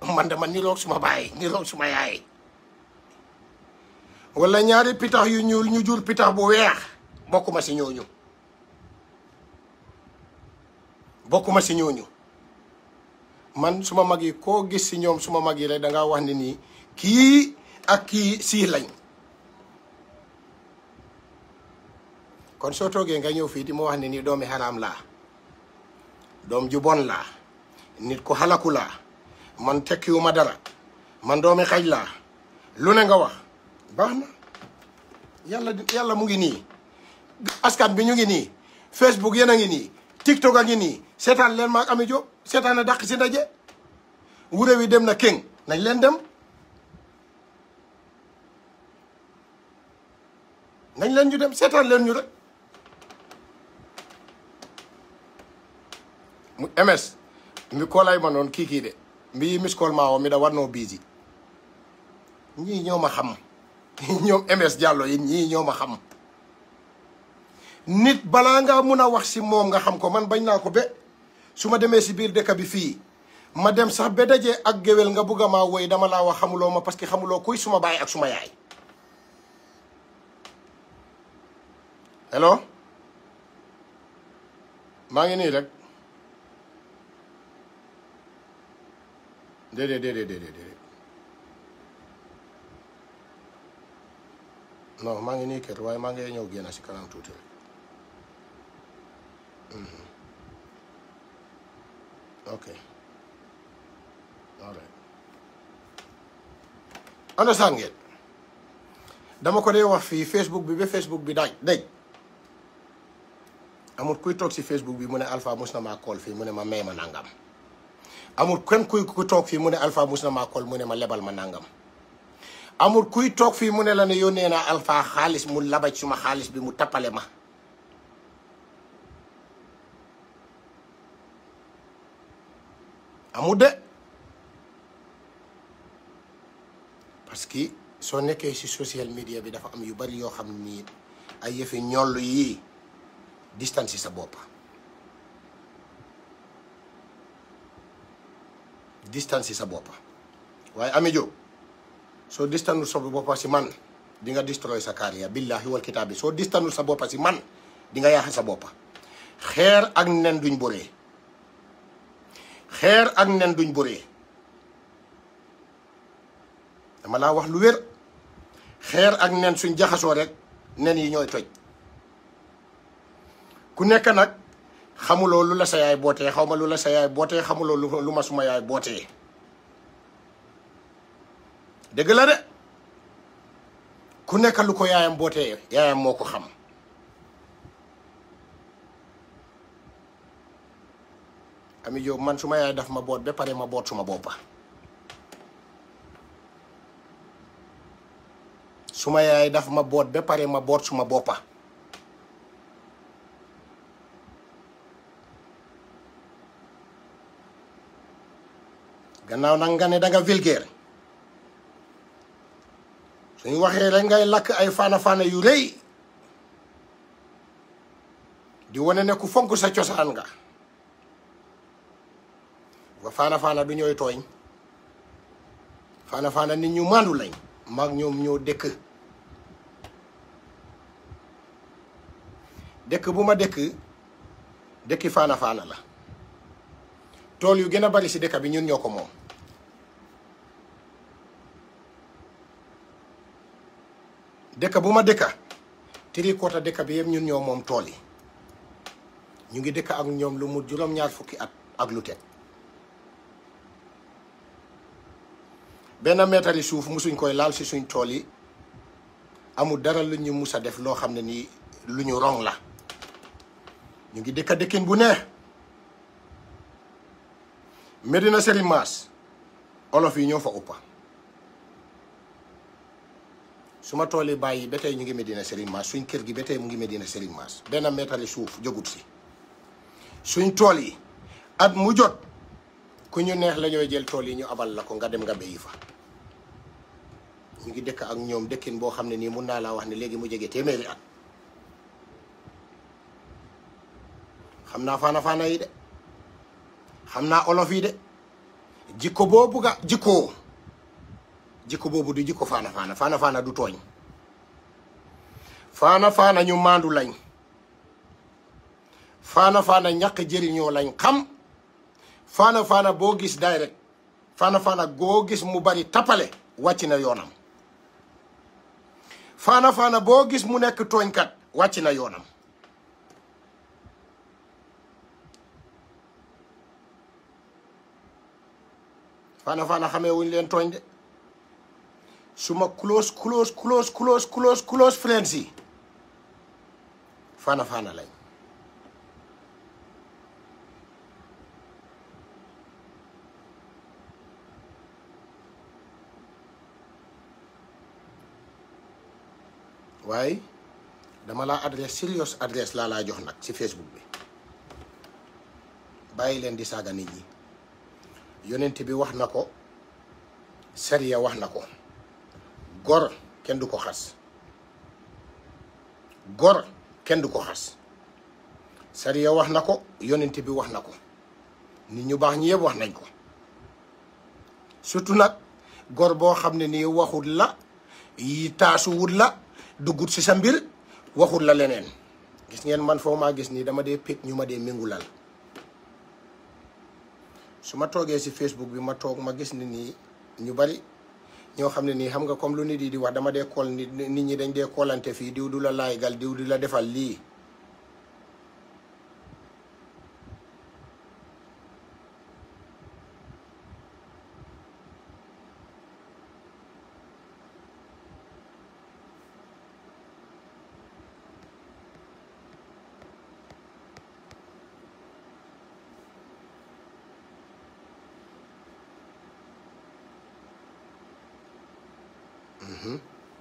man dama niroog suma baay niroog suma yaay wala ñaari pitax yu ñuul ñu jur pitax bu weex bokkuma si ñooñu bokkuma si ñooñu man suma mag yi koo gis si ñoom suma mag yi rek da wax ne nii kii ak kii sii lañ kon soo toogee nga ñëw fii di ma wax ne nii doomi xaraam laa doom ju bon laa nit ku xalaku laa man tekkiwuma dara man doomi xaj laa lu ne nga wax baax na yàlla yàlla mu ngi nii askan bi ñu ngi nii facebook yéen a ngi ni tiktok a ngi nii seetaan leen maag ami jo seetaan a daq si ndaje wuré wi dem na kéng nañ leen dem nañ leen ñu dem seetaan leen ñu rek mu ms mi koolay ma noon kii kii de mbi mis kool maawo mi da biisi ñii ñoo ma xam ñoom ms yi ñii ñoo ma xam nit balaa ngaa mun a wax si moom nga xam ko man bañ naa ko ba su ma demee si biir dëkk bi fii ma dem sax ba dajee ak géwél nga bugg a maa woy dama laa wax xamuloo ma parce que xamuloo kuy suma baay ak suma yaay hello maa ngi nii rek déedéet déedéet déedéet non maa ngi nii kër waaye maa ngi ñëw génn ci kanam tuuti rek mm-hmm. ok all understand ngeen dama ko dee wax fii Facebook bi ba Facebook bi daaj daj amul kuy toog si Facebook bi mu ne Alpha mus kool fii mu ne ma may ma nangam amul kenn ku toog fii mu ne Alpha mus na kool mu ne ma lebal ma nangam amul kuy toog fii mu ne la yónnee naa Alpha xaalis mu labaj suma xaalis bi mu tappale ma amul de parce que soo nekkee si social media bi dafa am yu bari yoo xam nii ay yëfi ñoll yii distance sa bopp distance sa bopp waaye Ami Diop soo distanul sa boppa si man di nga destroy sa carrière billahi wal bi soo distanul sa boppa si man dinga nga sa boppa xeer ak nen duñ boree xeer ak nen duñ boree dama laa wax lu wér xeer ak nen suñ jaxasoo rek nen yi ñooy toj ku nekk nag xamuloo lu la sa yaay bootee xaw ma lu la sa yaay xamuloo lu ma suma yaay bootee dëgg la de ku nekk lu ko yaayam bootee yaayam moo ko xam Ami Jóob man suma yaay daf ma boot ba pare ma boot suma boppa suma yaay daf ma boot ba pare ma boot suma boppa gannaaw nag nga ne da nga vulgaire suñu waxee rek ngay lakk ay faana faana yu rëy di wane ne ku fonk sa cosaan nga ba faana faana bi ñooy tooñ faana faana nit ñu maandu lañ maag ñoom ñoo dëkk dëkk bu ma dëkk dëkki faana faana la tool yu gën a bari ci dëkk bi ñun ñoo ko moom dëkk bu ma dëkka tirikota dëkk bi yëpp ñun ñoo moom tool yi ñu ngi dëkk ak ñoom lu mu juróom-ñaar fukki at ak lu teg benn meetar yi suuf musuñ koy laal si suñ tool yi amul dara lu ñu musa def loo xam ne nii lu ñu rong la ñu ngi dëkka dëkkin bu neex Medina Seri Maas olof yi ñoo fa uppa suma ma tool yi bàyyi ba ñu ngi Medina Serigne Mass suñ kër gi ba mu ngi Medina Serigne Mass benn meetali suuf jógut si suñ tool yi at mu jot ku ñu neex la jël tool yi ñu abal la ko nga dem nga béyi fa ñu ngi dëkk ak ñoom dekkin boo xam ne nii mun naa laa wax ne léegi mu jege téeméeri at xam naa fana faana yi de xam naa olof yi de jikko boo bugga jikkoo jikko boobu du jikko faana faana faana faana du tooñ faana faana ñu maandu lañ faana faana ñàkk jëriñoo lañ xam faana faana boo gis direct faana faana goo gis mu bari tappale wàcc na yoonam faana faana boo gis mu nekk tooñkat wàcc na yoonam faana faana xamee wuñ leen tooñ de suma close close close close close close friends yi fana fana lañ waaye dama la adresse serious adresse laa laa jox nag ci Facebook bi bàyyi leen di saaga nit ñi yonent bi wax na ko sariya wax na ko gor kenn du ko xas gor kenn du ko xas sariya wax na ko yonent bi wax na ko nit ñu baax ñi yëpp wax nañ ko surtout nag gor boo xam ne nii waxut la yi taasuwut la duggut ci sa mbir waxut la leneen gis ngeen man foo maa gis nii dama dee pég ñu ma dee méngulal su ma toogee ci Facebook bi ma toog ma gis ne nii ñu bari ñoo xam ne nii xam nga comme lu nit yi di wax dama dee kool nit nit ñi dañ dee koolante fii diw du la laaygal diw du la defal lii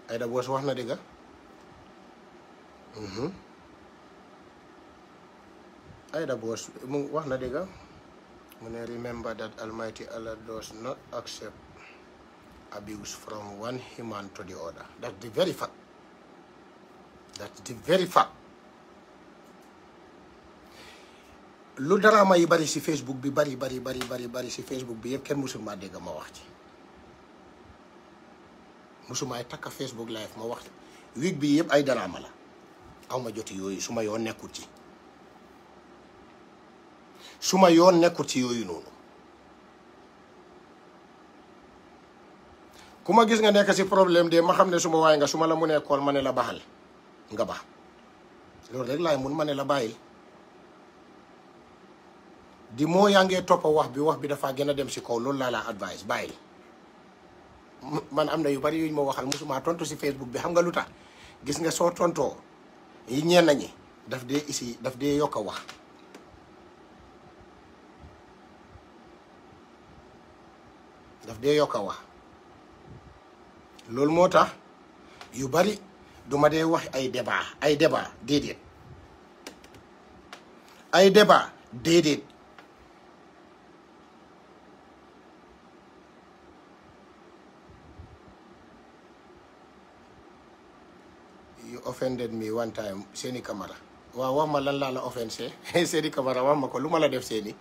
Aïda Boss wax na dëgg ah. mhm. mu na dëgg ah. mu ne remember that Almighty Allah does not accept abuse from one human to the other that's the very fact that's the very fact lu daraama yi bari ci Facebook bi bari bari bari bari bari ci Facebook bi yëpp kenn musul maa dégg ma wax ci musumaay takka Facebook live ma wax week bi yëpp ay daraama la aw ma joti yooyu suma yoon nekkul ci suma yoon nekkul ci yooyu noonu ku ma gis nga nekk si problème de ma xam ne su ma waay nga su ma la mu nekkool ma ne la baxal nga ba loolu rek laay mun ma ne la bàyyil di moo yaa ngee toppa wax bi wax bi dafa gën a dem si kaw loolu laa laa advice bàyyil man am na yu bari yuñ ma waxal mosuma tontu si Facebook bi xam nga lu tax gis nga soo tontoo yi ñenn ñi daf dee isi daf dee yokk wax. daf dee wax loolu moo tax yu bari du ma dee wax ay débat ay débat déedéet ay débat déedéet. offended me one time Seny Camara waaw wax ma lan laa la offensé Seny Camara wax ma ko lu ma la def Seny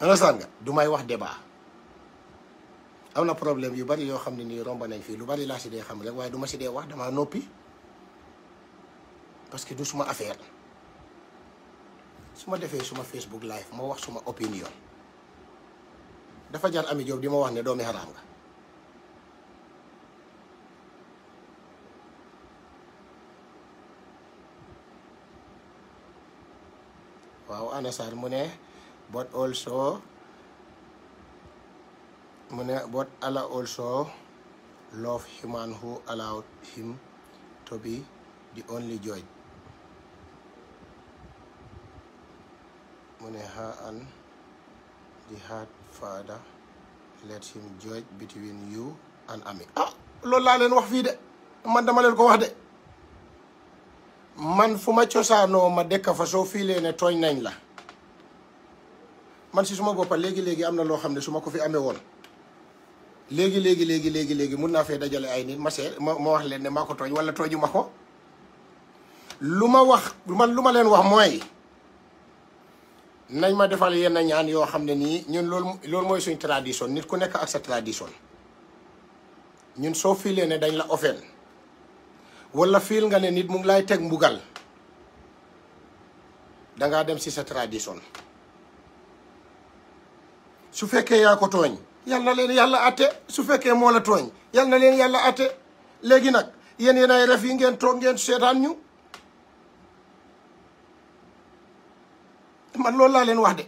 understand nga du may wax débat am na problème yu bari yoo xam ne nii romba nañ fii lu bari laa si dee xam rek waaye du ma si dee wax damaa noppi parce que du suma affaire su ma defee suma Facebook live ma wax suma opinion dafa jar Ami Jobe di ma wax ne doomi xaraam nga waaw anasar mu ne but mu ne but Allah also love human who allowed him to be the only judge mu ne her and the hard father let him judge between you and Ami ah loolu laa leen wax fii de man dama leen ko wax de man fu ma cosaanoo ma dëkk fa soo fiilee ne tooñ nañ la man si suma boppa léegi-léegi am na loo xam ne su ma ko fi amee woon léegi léegi léegi léegi léegi mun naa fee dajale ay nit ma see ma ma wax leen ne maa ko tooñ wala tooñu ma ko lu ma wax man lu ma leen wax mooy nañ ma defal yenn ñaan yoo xam ne nii ñun lool loolu mooy suñ tradition nit ku nekk ak sa tradition ñun soo fiilee ne dañ la ofeel wala fiil nga leen it mu ngi lay teg mbugal dangaa dem ci sa tradition su fekkee yaa ko tooñ yal na leen yàlla atte su fekkee moo la tooñ yal na leen yàlla atte léegi nag yéen yéen ay yi ngeen toog ngeen seetaan ñu man loolu laa leen wax de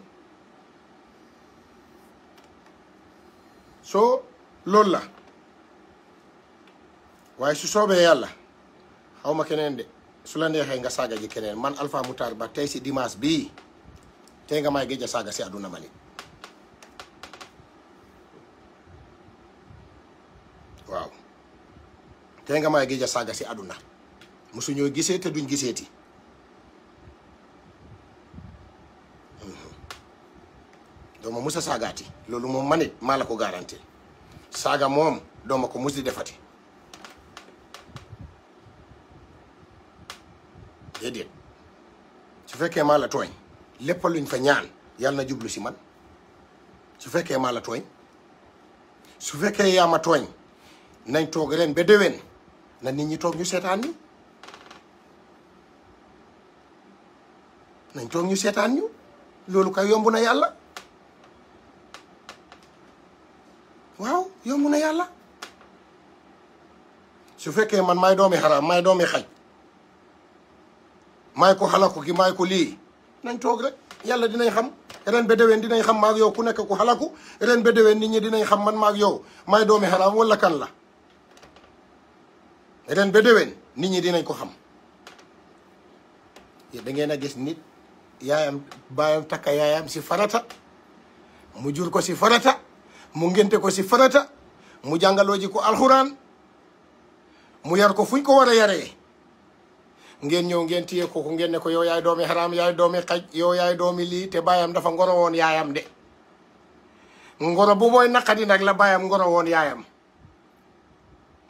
so loolu la waaye su soobee yàlla xaw ma keneen de su la neexee nga saaga ji keneen man Alpha Moutar Ba tey si dimanche bii tey nga may géej saaga si àdduna ma waaw tey nga may géej a saaga si àdduna mosu ñoo gisee te duñ giseeti mhm. dooma mus a saagaati loolu moom manit maa la ko garanti saaga moom dooma ko mus di defati su fekkee maa la tooñ lépp luñ fa ñaan yàlla na jublu si man su fekkee maa la tooñ su fekkee yaa ma tooñ nañ toog ren ba déwén na nit ñi toog ñu seetaan ñu toog ñu seetaan loolu kay yomb na yàlla waaw yombu na yàlla su fekkee man maay doomi xaraam maay doomi xaj maay ko xalaku gi maay ko lii nañ toog rek yàlla dinañ xam ren ba déwén dinañ xam maag yow ku nekk ko xalaku ren ba déwén nit ñi dinañ xam man maag yow maay doomi xaraam wala kan la ren ba déwén nit ñi dinañ ko xam da ngeen a gis nit yaayam baayam takka yaayam si farata mu jur ko si farata mu ngénte ko si farata mu jàngaloo ji ko alxuraan mu yar ko fuñ ko war a yaree ngeen ñëw ngeen téye kooku ngeen ne ko yow yaay doomi xaraam yaay doomi xaj yow yaay doomi lii te bayam dafa ngoro woon yaayam de ngoro bu mooy naqadi nag la baayam ngoro woon yaayam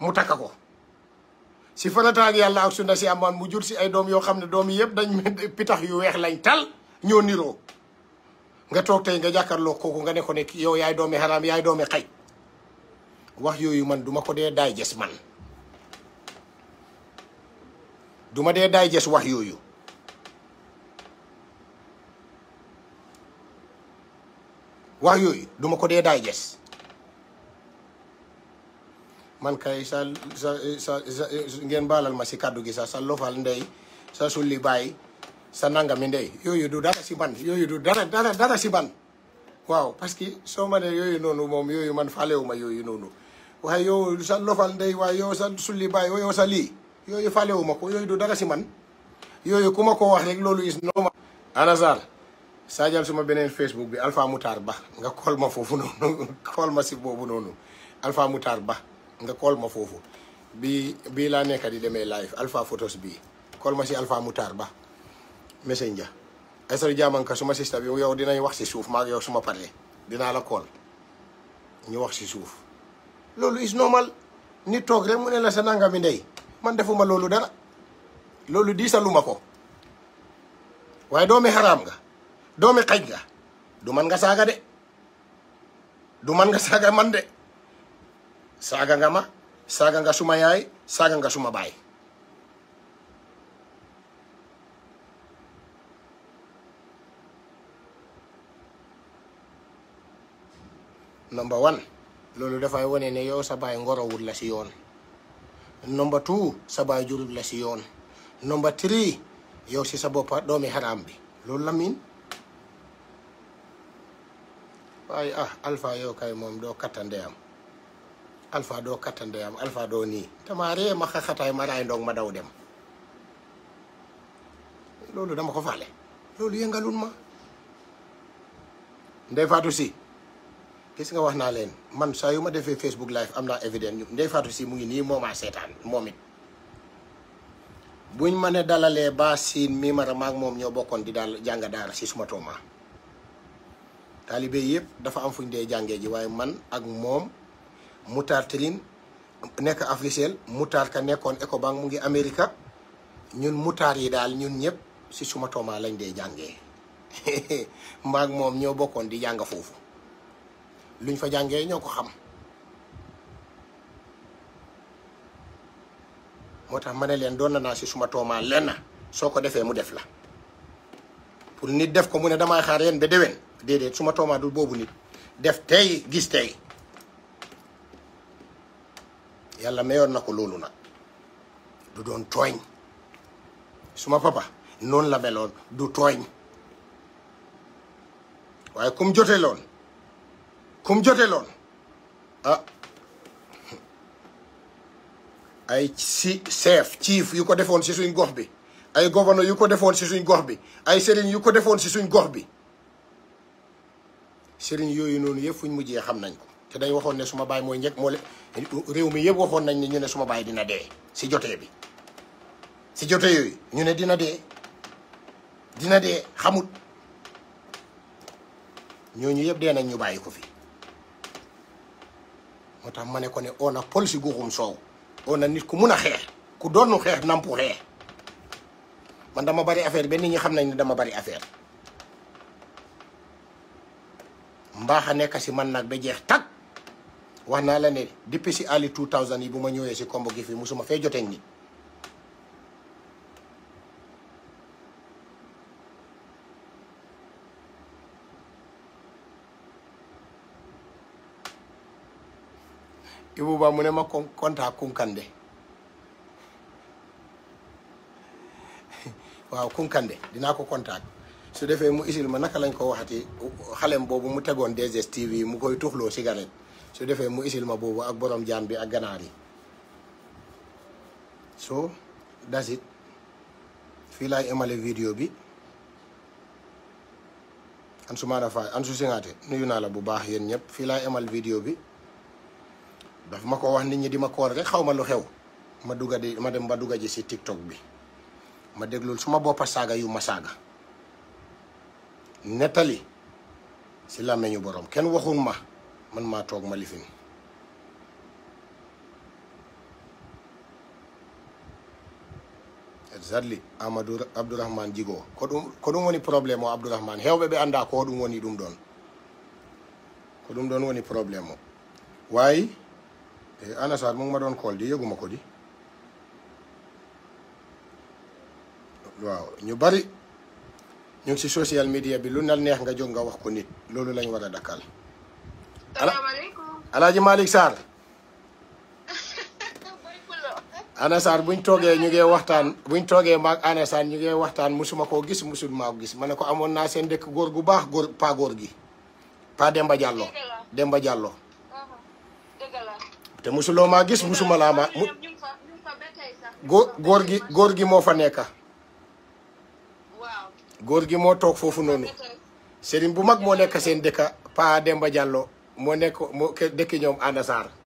mu takka ko si farata yàlla ak sunna si amaan mu jur si ay doom yoo xam ne doom yëpp dañ pitax yu weex lañ tal ñoo niroo nga toog tey nga jàkkaarloo kooku nga ne ko ne yow yaay doomi xaraam yaay doomi xaj wax yooyu man duma ko dee daay jes man du ma dee daay jes wax yooyu wax yooyu du ko dee daay jes man kay sa sa sa ngeen baalal ma si kàddu gi sax sa lofal ndey sa sulli baay sa nangami ndey yooyu du dara si ban yooyu du dara dara dara si ban waaw parce que soo ma ne yooyu noonu moom yooyu man faalewu ma yooyu noonu waaye yow sa lofal ndey waaye yow sa sulli baay yow sa yooyu falewuma ko yooyu du dara si man yooyu ku ma ko wax rek loolu is normal anasar saajal suma beneen facebook bi Alpha Moutar Ba nga kool ma foofu noonu kool ma si boobu noonu Alpha Moutar Ba nga kool ma foofu bi bii laa nekk di demee live Alpha photos bii kool ma si Alpha Moutar Ba messenger ay sori jaamanka suma sista bi yow dinañ wax si suuf maag yow suma paree dinaa la kool ñu wax si suuf loolu is normal nit toog rek mu ne la sa nangami ndey man defuma loolu dara loolu diisaluma ko waaye doomi xaram nga doomi xaj nga du man nga saaga de du man nga saaga man de saaga nga ma saaga nga suma yaay saaga nga suma baay number one loolu dafay wone ne yow sa baay ngorowul la si yoon number two sa baay jurul la si yoon number three yow si sa boppa doomi xaraam bi loolu la waaye ah alpha yow kay moom doo kattandeyam alpha doo kattandeyam alpha doo nii dama ma xaxataay ma raay ndoog ma daw dem loolu dama ko faale loolu yëngalul ma ndey faatu gis nga wax naa leen man saa yu ma defee Facebook live am naa évidence ñu Ndeye Fatou Sy mu ngi nii moomaa seetaan moom it buñ ma dalalee ba siin mi moom ñoo bokkoon di daal jàng daara si suma tooma taalibe yëpp dafa am fuñ dee jàngee ji waaye man ak moom Moutar Tine nekk Africell Moutar ka nekkoon Ecobank mu ngi Amérique ñun Moutar yi daal ñun ñëpp si suma tooma lañ dee jànge maak moom ñoo bokkoon di jàng foofu luñ fa jàngee ñoo ko xam moo tax ma ne leen doon na naa si suma toomaa lenn soo ko defee mu def la pour nit def ko mu ne damay xaar yéen ba déwén déedéet suma toomaa du boobu nit def tey gis tey yàlla mayoon na ko loolu nag du doon tooñ suma papa noonu la meloon du tooñ waaye kum jote loon kum jote loon a ah. ay si chef chief yu ko defoon si suñ gox bi ay gouverneur yu ko defoon si suñ gox bi ay sëriñ yu ko defoon si suñ gox bi sëriñ yooyu noonu yëpp fuñ mujjee xam nañ ko te dañ waxoon ne suma baay mooy njëkk moo le réew mi yëpp waxoon nañ ne ñu ne suma baay dina dee si jotee bi si jote yooyu ñu ne dina dee dina dee xamut ñooñu yëpp dee nañ ñu bàyyi ko fi moo tax ma ne ko ne on a police guxum soow on nit ku mun a xeex ku doonu xeex nampu xeex man dama bari affaire ba nit ñi xam nañ ne dama bari affaire mbaax a nekk si man nag ba jeex tag wax na la ne depuis si ali 2000 yi bu ma ñëwee si combo gi fii musuma fee joteeg nit Ibou Ba mu ne ma kon kontaa Kunkande waaw Kunkande dinaa ko kontaak su defee mu isil ma naka lañ ko waxati xalem boobu mu tegoon 2 yi mu koy tuxloo si galet su defee mu isil ma boobu ak borom jaan bi ak ganaar so dasit it fii laay emale vidéo bi Ansumana Faye Ansou Singhaté nuyu naa la bu baax yéen ñëpp fii laay emal vidéo bi daf ma ko wax nit ñi di ma koor rek xaw ma lu xew ma dugga di ma dem ba dugga ji si tiktok boppa saaga yu ma saaga nettali si làmmeñu borom kenn waxul ma man maa toog ma lifin exactly amadou abdourahmane jigo ko ɗum ko ɗum woni probléme o abdourahmane hewɓe ɓe annda ko hoɗum woni ɗum ɗon ko ɗum ɗon woni probléme o waayi te eh, Anna Sarr ma doon kool di yëguma ko di waaw ñu bari ñu si social media bi lu nal neex nga jóg nga wax ko nit loolu lañ war a dakkal salaamaaleykum alaaji Malick Sarr Anna Sarr buñ toogee ñu ngee waxtaan buñ toogee maag Anna ñu ngee waxtaan musuma koo gis musul maa ko gis ma ne ko amoon naa seen dëkk góor gu baax góor pa gi pa Demba Diallo Demba Diallo te musuloo maa gis musuma laa góor gi moo fa nekka góor gi moo toog foofu noonu sëriñ bu mag moo nekk seen dëkka Pa Demba Diallo moo nekk moo dëkk ñoom Anna